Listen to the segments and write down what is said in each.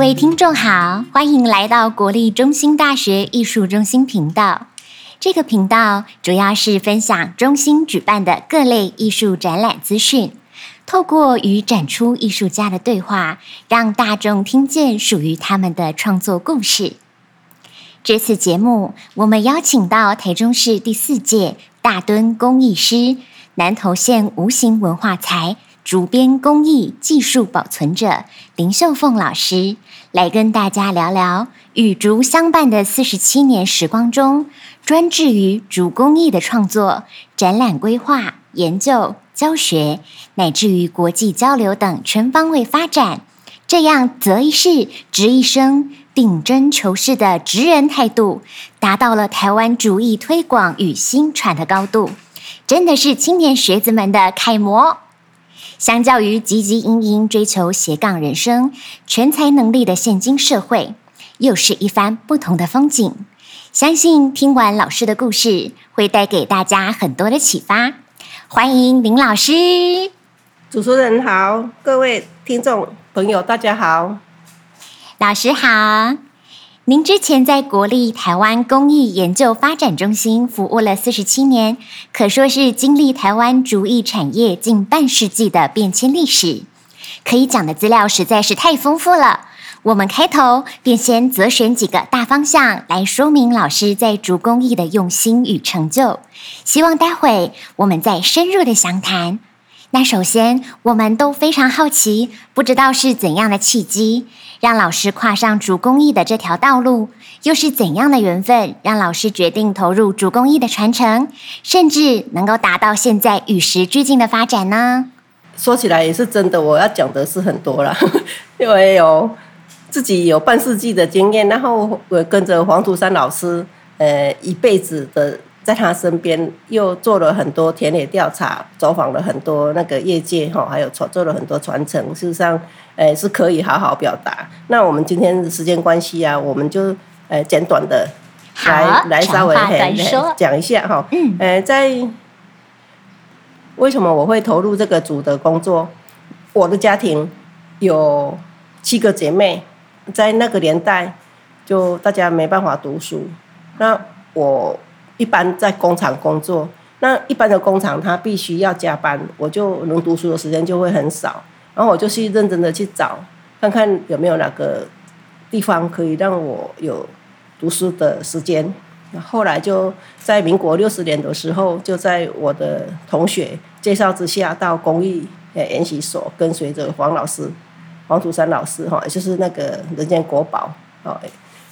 各位聽眾好，歡迎來到國立中興大學藝術中心頻道。這個頻道主要是分享中心舉辦的各類藝術展覽資訊，透過與展出藝術家的對話，讓大眾聽見屬於他們的創作故事。這次節目我們邀請到台中市第四屆大墩工藝師、南投縣無形文化財、竹編工藝技術保存者林秀鳳老師來跟大家聊聊，與竹相伴的四十七年時光中，專志於竹工藝的創作、展覽規劃、研究、教學，乃至於國際交流等全方位發展，這樣擇一事、執一生、頂真求是的職人態度，達到了台灣竹藝推廣與薪傳的高度，真的是青年學子們的楷模。相較於汲汲營營追求斜槓人生、全才能力的現今社會，又是一番不同的風景。相信聽完老師的故事，會帶給大家很多的啟發。歡迎林老師，主持人好，各位聽眾朋友大家好，老師好。您之前在國立臺灣工藝研究發展中心服務了四十七年，可說是經歷臺灣竹藝產業近半世紀的變遷歷史。可以講的資料實在是太豐富了，我們開頭便先擇選幾個大方向來說明老師在竹工藝的用心與成就，希望待會我們再深入的詳談。那首先，我們都非常好奇，不知道是怎樣的契機讓老師跨上竹工藝的這條道路，又是怎樣的緣分讓老師決定投入竹工藝的傳承，甚至能夠達到現在與時俱進的發展呢？說起來也是真的，我要講的是很多了，因為有自己有半世紀的經驗，然後我跟着黃塗山老師，呃，一輩子的。在他身邊又做了很多田野調查，走訪了很多那個業界哈，還有傳做了很多傳承，事實上，哎、呃、是可以好好表達。那我們今天的時間關係啊，我們就哎、呃、簡短的來來稍微講，講一下哈。嗯，哎，在為什麼我會投入這個組的工作？我的家庭有七個姐妹，在那個年代就大家沒辦法讀書，那我。一般在工廠工作，那一般的工廠他必須要加班，我就能讀書的時間就會很少。然後我就去認真的去找，看看有沒有哪個地方可以讓我有讀書的時間。那後來就在民國六十年的時候，就在我的同學介紹之下，到工藝研習所跟隨着黃老師，黃塗山老師哈，就是那個人間國寶哦。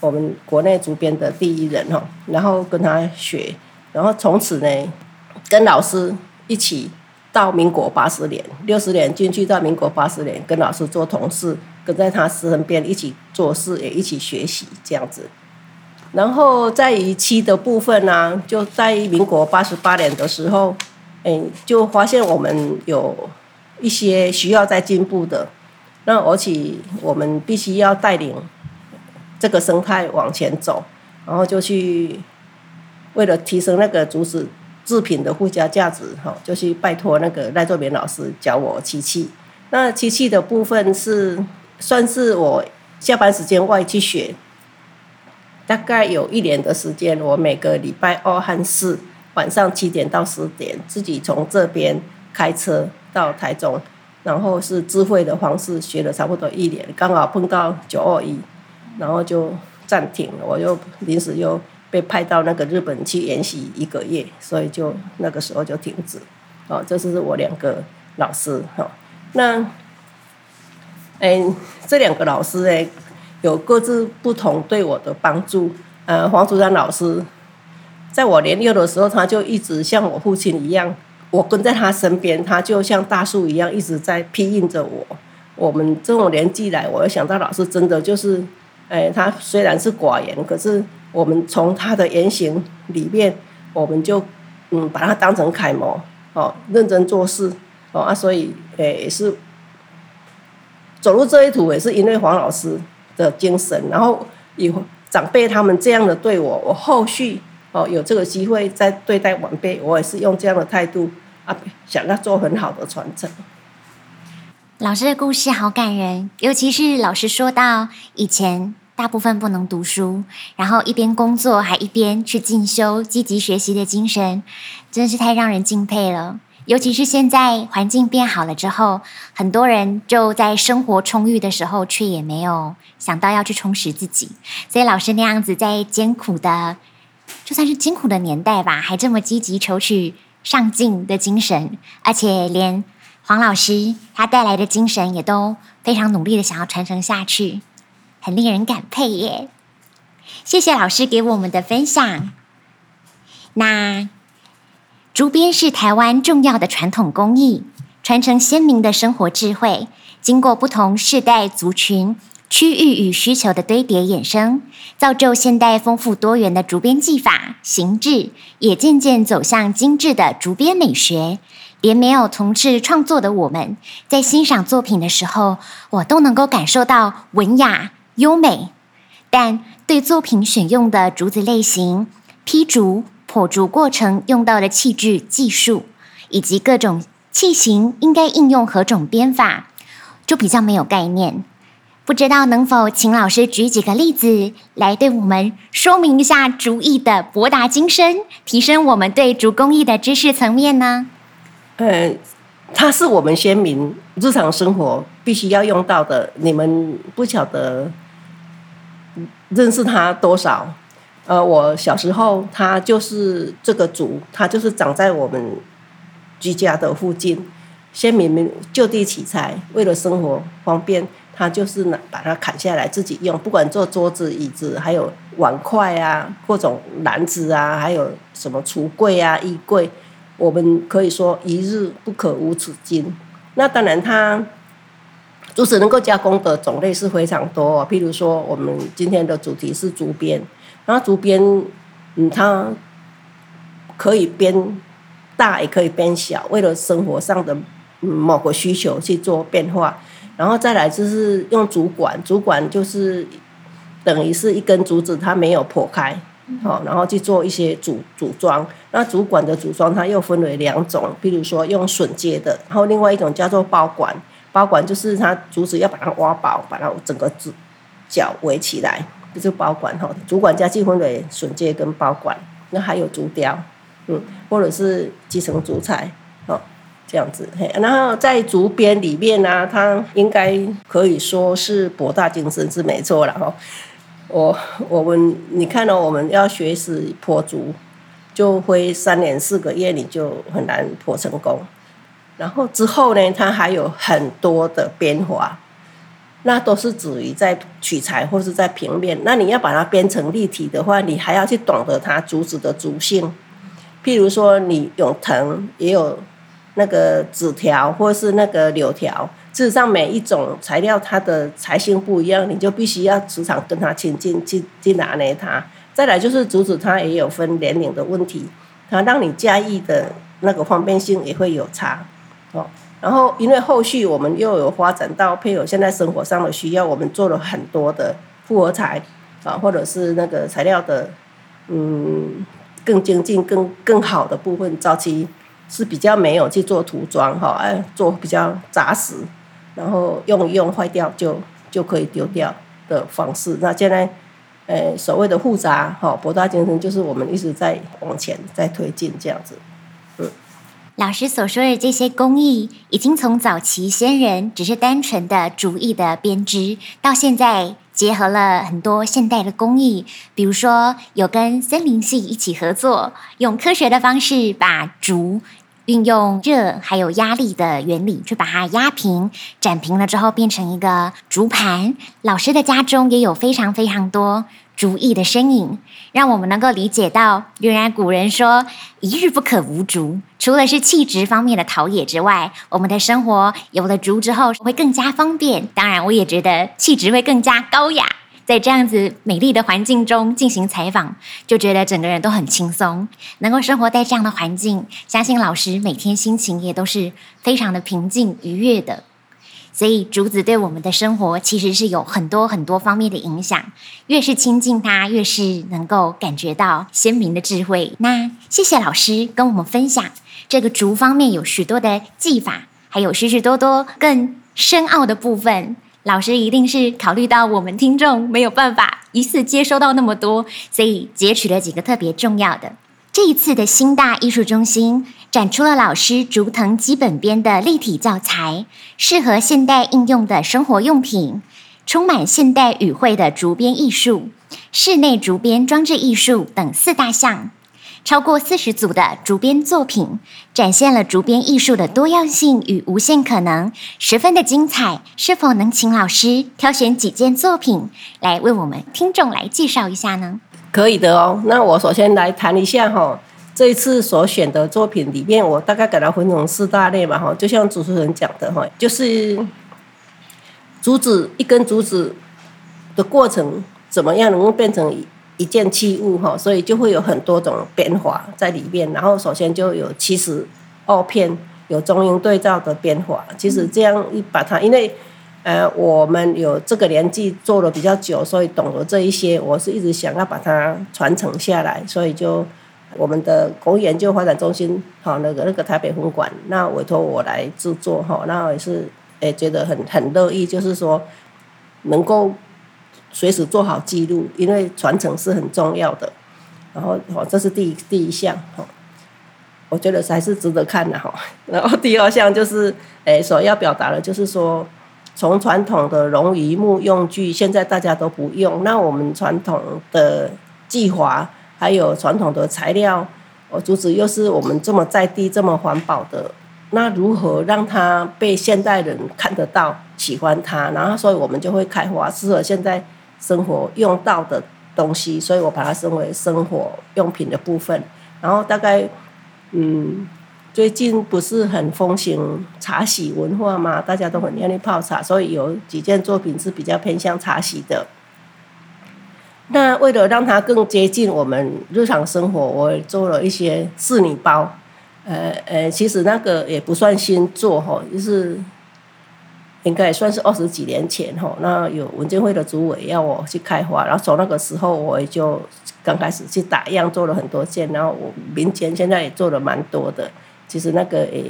我們國內竹編的第一人哦，然後跟他學，然後從此呢，跟老師一起到民國八十年、六十年進去，到民國八十年跟老師做同事，跟在他身邊一起做事，也一起學習這樣子。然後在一期的部分呢、啊，就在民國八十八年的時候，哎，就發現我們有一些需要再進步的，那而且我們必須要帶領。這個生態往前走，然後就去為了提升那個竹子製品的附加價值，哈，就去拜托那個賴作明老師教我漆器。那漆器的部分是算是我下班時間外去學，大概有一年的時間。我每個禮拜二和四晚上七點到十點，自己從這邊開車到台中，然後是智慧的方式學了差不多一年，剛好碰到九二一。然後就暫停了，我又臨時又被派到那個日本去研習一個月，所以就那個時候就停止。哦，這是我兩個老師哈、哦。那，哎，這兩個老師哎，有各自不同對我的幫助。呃，黃塗山老師，在我年幼的時候，他就一直像我父親一樣，我跟在他身邊，他就像大樹一樣一直在庇蔭着我。我們這種年紀來，我又想到老師真的就是。哎，他雖然是寡言，可是我們從他的言行裡面，我們就嗯把他當成楷模，哦，認真做事，哦啊，所以哎也是，走入這一途也是因為黃老師的精神，然後以長輩他們這樣的對我，我後續哦有這個機會再對待晚輩，我也是用這樣的態度啊，想要做很好的傳承。老師的故事好感人，尤其是老師說到以前，大部分不能讀書，然後一邊工作還一邊去進修、積極學習的精神，真的是太讓人敬佩了。尤其是現在環境變好了之後，很多人就在生活充裕的時候，卻也沒有想到要去充實自己。所以老師那樣子在艱苦的，就算是艱苦的年代吧，還這麼積極求取上進的精神，而且連黃老師他帶來的精神也都非常努力的想要傳承下去。很令人感佩耶！謝謝老師給我們的分享。那竹編是台灣重要的傳統工藝，傳承先民的生活智慧，經過不同世代、族群、區域與需求的堆疊衍生，造就現代豐富多元的竹編技法、形制，也漸漸走向精致的竹編美學。連沒有從事創作的我們，在欣賞作品的時候，我都能夠感受到文雅。優美，但對作品選用的竹子類型、劈竹、破竹過程用到的器具、技術，以及各種器型應該應用何種編法，就比較沒有概念。不知道能否請老師舉幾個例子來對我們說明一下竹藝的博大精深，提升我們對竹工藝的知識層面呢？呃、嗯，它是我們先民日常生活必須要用到的，你們不曉得。認識他多少？呃，我小時候他就是這個竹。他就是長在我們居家的附近。先民們就地取材，為了生活方便，他就是把它砍下來自己用，不管做桌子、椅子，還有碗筷啊，各種籃子啊，還有什麼櫥櫃啊、衣櫃。我們可以說一日不可無此君。那當然他。竹子能夠加工的種類是非常多，譬如說我們今天的主題是竹編，那竹編，嗯，它可以編大也可以編小，為了生活上的某個需求去做變化。然後再來就是用竹管，竹管就是等於是一根竹子，它沒有破開，好、嗯，然後去做一些組組裝。那竹管的組裝，它又分為兩種，比如說用榫接的，然後另外一種叫做包管。包管就是它竹子要把它挖薄，把它整個竹腳圍起來，這就包管哈。竹管加進分的筍接跟包管，那還有竹雕，嗯，或者是基層竹材，哦，這樣子。嘿然後在竹編裡面呢、啊，它應該可以說是博大精深是沒錯啦哈。我我們你看到、喔、我們要學習破竹，就會三年四個月你就很難破成功。然後之後呢，它還有很多的變化，那都是屬於在取材或是在平面。那你要把它編成立體的話，你還要去懂得它竹子的竹性。譬如說，你用藤，也有那個紙條，或是那個柳條。事實上，每一種材料它的材性不一樣，你就必須要時常跟它親近，去去拿捏它。再來就是竹子，它也有分年齡的問題，它讓你駕馭的那個方便性也會有差。哦，然後因為後續我們又有發展到配合現在生活上的需要，我們做了很多的複合材啊、哦，或者是那個材料的嗯更精進、更更好的部分，早期是比較沒有去做塗裝哈、哦哎，做比較紮實，然後用一用壞掉就就可以丟掉的方式。那現在呃所謂的複雜哈、哦、博大精深，就是我們一直在往前在推進這樣子。老師所說的這些工藝，已經從早期先人只是單純的竹藝的編織，到現在結合了很多現代的工藝，比如說有跟森林系一起合作，用科學的方式把竹運用熱還有壓力的原理去把它壓平、展平了之後，變成一個竹盤。老師的家中也有非常非常多。竹藝的身影，讓我們能夠理解到，原來古人說“一日不可無竹”。除了是氣質方面的陶冶之外，我們的生活有了竹之後會更加方便。當然，我也覺得氣質會更加高雅。在這樣子美麗的環境中進行採訪，就覺得整個人都很輕鬆。能夠生活在這樣的環境，相信老師每天心情也都是非常的平靜愉悅的。所以竹子對我們的生活其實是有很多很多方面的影響，越是親近它，越是能夠感覺到先民的智慧。那謝謝老師跟我們分享這個竹方面有許多的技法，還有許許多多更深奧的部分。老師一定是考慮到我們聽眾沒有辦法一次接收到那麼多，所以截取了幾個特別重要的。這一次的興大藝術中心。展出了老師竹藤基本編的立體教材、適合現代應用的生活用品、充滿現代語彙的竹編藝術、室內竹編裝置藝術等四大項，超過四十組的竹編作品，展現了竹編藝術的多樣性與無限可能，十分的精彩。是否能請老師挑選幾件作品來為我們聽眾來介紹一下呢？可以的哦，那我首先來談一下哈、哦。這一次所選的作品裡面，我大概給它分成四大類嘛，哈，就像主持人講的，哈，就是竹子一根竹子的過程怎麼樣能夠變成一件器物，哈，所以就會有很多種變化在裡面。然後首先就有七十二片，有中英對照的變化。其實這樣一把它，因為呃我們有這個年紀做的比較久，所以懂了這一些，我是一直想要把它傳承下來，所以就。我們的工藝研究發展中心，好那個那個台北分館，那委托我來制作哈，那我也是誒覺得很很樂意，就是說能夠隨時做好記錄，因為傳承是很重要的。然後哦，這是第一第一項哦，我覺得還是值得看的哈。然後第二項就是誒所要表達的，就是說從傳統的農漁牧用具，現在大家都不用，那我們傳統的計劃。還有傳統的材料，哦，竹子又是我們這麼在地，這麼環保的，那如何讓它被現代人看得到，喜歡它？然後，所以我們就會開發適合現在生活用到的東西，所以我把它稱為生活用品的部分。然後，大概嗯，最近不是很風行茶席文化嘛？大家都很願意泡茶，所以有幾件作品是比較偏向茶席的。那為了讓它更接近我們日常生活，我也做了一些仕女包，呃呃，其實那個也不算新做哈、哦，就是應該也算是二十幾年前哈、哦。那有文建會的主委要我去開發，然後從那個時候我也就剛開始去打樣做了很多件，然後我民間現在也做了蠻多的。其實那個也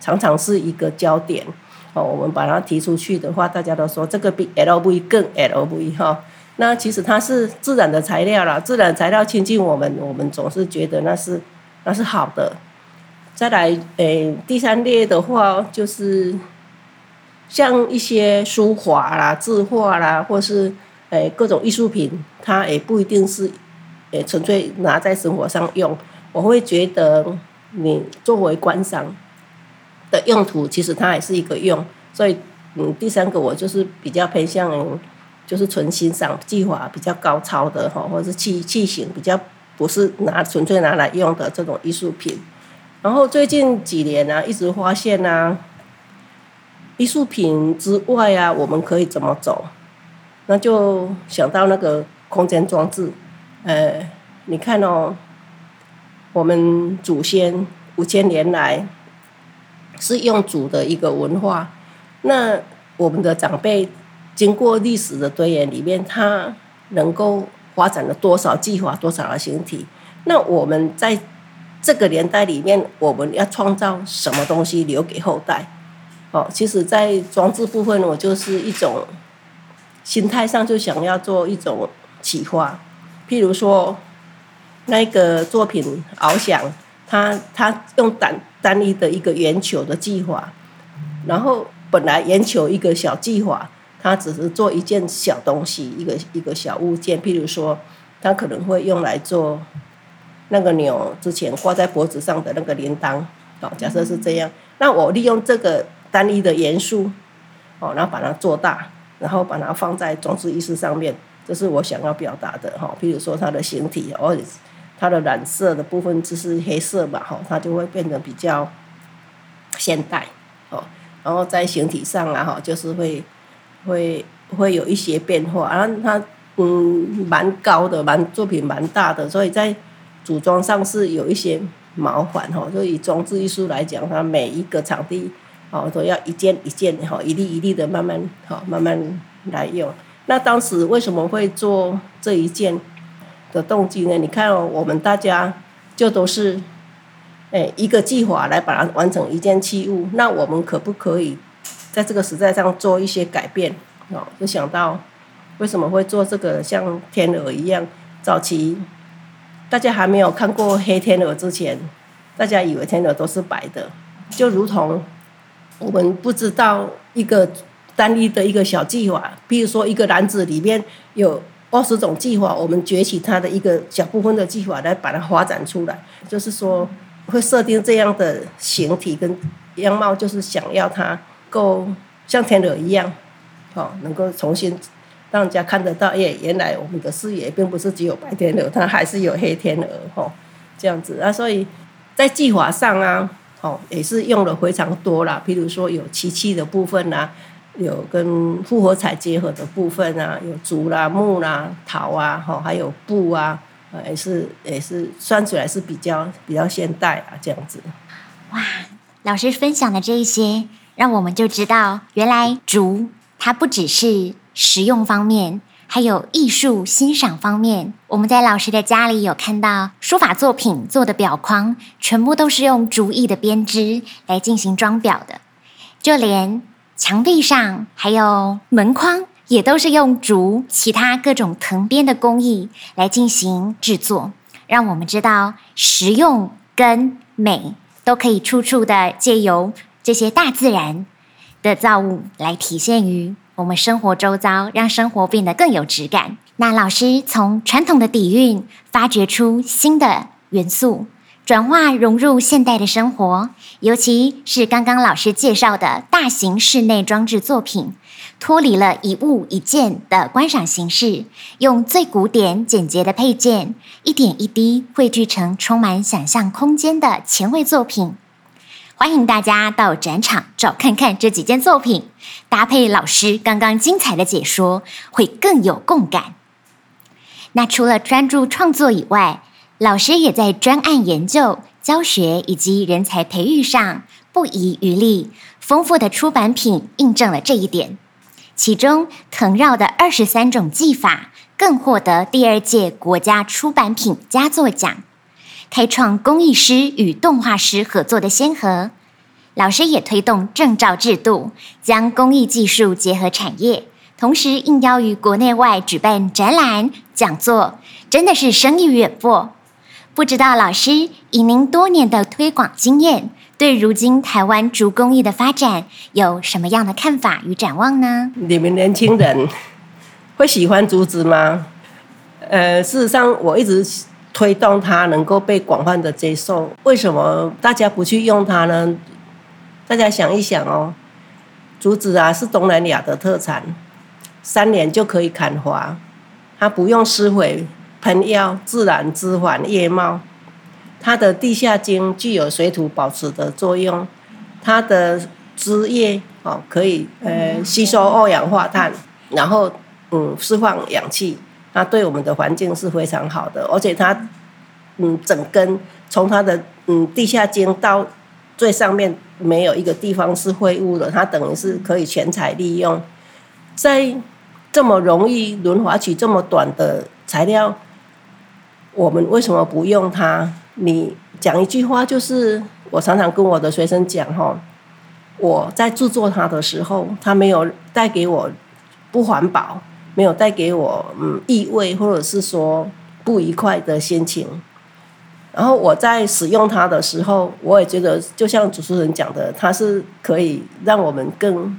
常常是一個焦點哦，我們把它提出去的話，大家都說這個比 LV 更 LV 哈、哦。那其實它是自然的材料啦，自然材料親近我們，我們總是覺得那是那是好的。再來，誒、哎，第三列的話就是像一些書畫啦、字畫啦，或是誒、哎、各種藝術品，它也不一定是誒純粹拿在生活上用。我會覺得你作為觀賞的用途，其實它也是一個用。所以，嗯，第三個我就是比較偏向。就是純欣賞技法比較高超的哈，或者是器器型比較不是拿純粹拿來用的這種藝術品。然後最近幾年呢、啊，一直發現呢、啊，藝術品之外啊，我們可以怎麼走？那就想到那個空間裝置。呃，你看哦，我們祖先五千年來是用土的一個文化，那我們的長輩。經過歷史的堆演裡面，它能夠發展了多少技法，多少的形體？那我們在這個年代裡面，我們要創造什麼東西留給後代？哦，其實，在裝置部分，我就是一種心態上就想要做一種啟發。譬如說，那個作品《翱翔》他，它它用單單一的一個圓球的技法，然後本來圓球一個小技法。它只是做一件小東西，一個一個小物件，譬如說，它可能會用來做那個牛之前掛在脖子上的那個鈴鐺，哦，假設是這樣，那我利用這個單一的元素，哦，然後把它做大，然後把它放在裝飾藝術上面，這是我想要表達的哈。譬如說它的形體，哦，它的染色的部分就是黑色嘛，哈，它就會變得比較現代，哦，然後在形體上啊，哈，就是會，會會有一些變化，然後它嗯蠻高的，蠻作品蠻大的，所以在組裝上是有一些麻煩哈。哦，所以裝置藝術來講，它每一個場地哦都要一件一件哈、哦，一粒一粒的慢慢哈、哦、慢慢來用。那當時為什麼會做這一件的動機呢？你看哦，我們大家就都是哎一個計劃來把它完成一件器物，那我們可不可以？在這個時代上做一些改變哦，就想到為什麼會做這個像天鵝一樣。早期大家還沒有看過黑天鵝之前，大家以為天鵝都是白的，就如同我們不知道一個單一的一個小技法，比如說一個籃子裡面有二十種技法，我們崛起它的一個小部分的技法來把它發展出來，就是說會設定這樣的形體跟樣貌，就是想要它。夠像天鵝一樣，哦，能夠重新讓人家看得到，耶、欸，原來我們的視野並不是只有白天鵝，它還是有黑天鵝，吼、哦，這樣子啊。所以在計劃上啊，哦，也是用了非常多啦。譬如說有漆器的部分啊，有跟復活彩結合的部分啊，有竹啦、啊、木啦、啊、陶啊，吼、哦，還有布啊，呃、也是也是算起來是比較比較現代啊，這樣子。哇，老師分享的這一些。讓我們就知道，原來竹它不只是實用方面，還有藝術欣賞方面。我們在老師的家裡有看到書法作品做的表框，全部都是用竹藝的編織來進行裝裱的。就連牆壁上還有門框，也都是用竹其他各種藤編的工藝來進行制作。讓我們知道，實用跟美都可以處處的借由。這些大自然的造物來體現於我們生活周遭，讓生活變得更有質感。那老師從傳統的底蘊發掘出新的元素，轉化融入現代的生活。尤其是剛剛老師介紹的大型室內裝置作品，脫離了一物一件的觀賞形式，用最古典簡潔的配件，一點一滴匯聚成充滿想象空間的前衛作品。歡迎大家到展場找看看這幾件作品，搭配老師剛剛精彩的解說，會更有共感。那除了專注創作以外，老師也在專案研究、教學以及人才培育上不遺餘力。豐富的出版品印證了這一點，其中《藤繞的二十三種技法》更獲得第二屆國家出版品佳作獎。開創工藝師與動畫師合作的先河，老師也推動證照制度，將工藝技術結合產業，同時應邀於國內外舉辦展覽、講座，真的是聲譽遠播。不知道老師以您多年的推廣經驗，對如今台灣竹工藝的發展有什麼樣的看法與展望呢？你們年輕人會喜歡竹子嗎？呃，事實上我一直。推動它能夠被廣泛的接受，為什麼大家不去用它呢？大家想一想哦，竹子啊是東南亞的特產，三年就可以砍伐，它不用施肥、噴藥，自然枝繁葉茂。它的地下莖具有水土保持的作用，它的枝葉哦可以呃吸收二氧化碳，然後嗯釋放氧氣。它對我們的環境是非常好的，而且它，嗯，整根從它的嗯地下莖到最上面沒有一個地方是廢物的，它等於是可以全材利用。在這麼容易輪滑取這麼短的材料，我們為什麼不用它？你講一句話，就是我常常跟我的學生講哈，我在制作它的時候，它沒有帶給我不環保，沒有帶給我嗯異味，或者是說不愉快的心情。然後我在使用它的時候，我也覺得就像主持人講的，它是可以讓我們更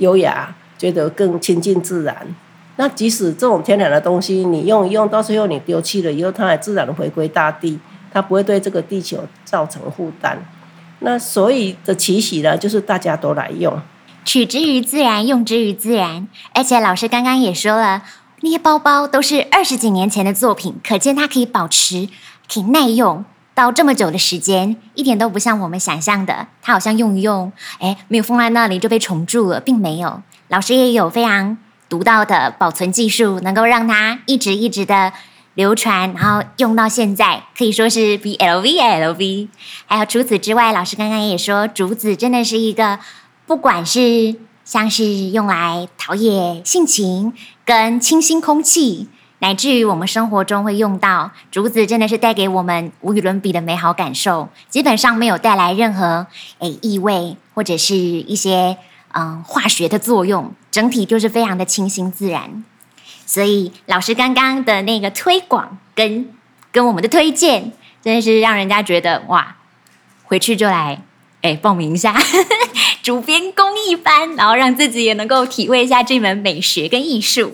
優雅，覺得更親近自然。那即使這種天然的東西你用一用，到最後你丟棄了以後，它還自然的回歸大地，它不會對這個地球造成負擔。那所以的期許呢，就是大家都來用。取之於自然，用之於自然。而且老師剛剛也說了，那些包包都是二十幾年前的作品，可見它可以保持，挺耐用，到這麼久的時間，一點都不像我們想象的，它好像用一用，哎，沒有放在那裡就被蟲蛀了，並沒有。老師也有非常獨到的保存技術，能夠讓它一直一直的流傳，然後用到現在，可以說是 BLVLV。還有除此之外，老師剛剛也說，竹子真的是一個。不管是像是用來陶冶性情，跟清新空氣，乃至於我們生活中會用到竹子，真的是帶給我們無與倫比的美好感受。基本上沒有帶來任何誒異味，或者是一些嗯、呃、化學的作用，整體就是非常的清新自然。所以老師剛剛的那個推廣跟跟我們的推薦，真的是讓人家覺得哇，回去就來誒報名一下。 竹編工藝班，然後讓自己也能夠體會一下這門美學跟藝術。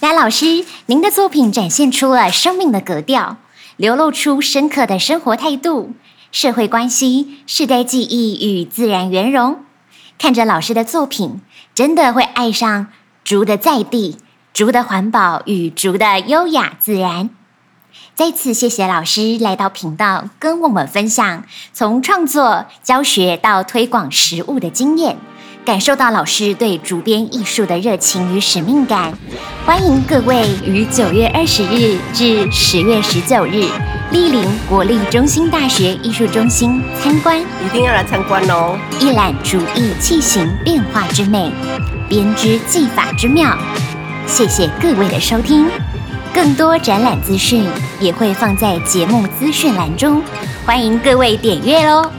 林老師，您的作品展現出了生命的格調，流露出深刻的生活態度、社會關係、世代記憶與自然圓融。看着老師的作品，真的會愛上竹的在地、竹的環保與竹的優雅自然。再次謝謝老師來到頻道跟我們分享從創作、教學到推廣實務的經驗，感受到老師對竹編藝術的熱情與使命感。歡迎各位於九月二十日至十月十九日蒞臨國立中興大學藝術中心參觀，一定要來參觀哦，一覽竹藝器形變化之美，編織技法之妙。謝謝各位的收聽。更多展覽資訊也會放在節目資訊欄中，歡迎各位點閱哦。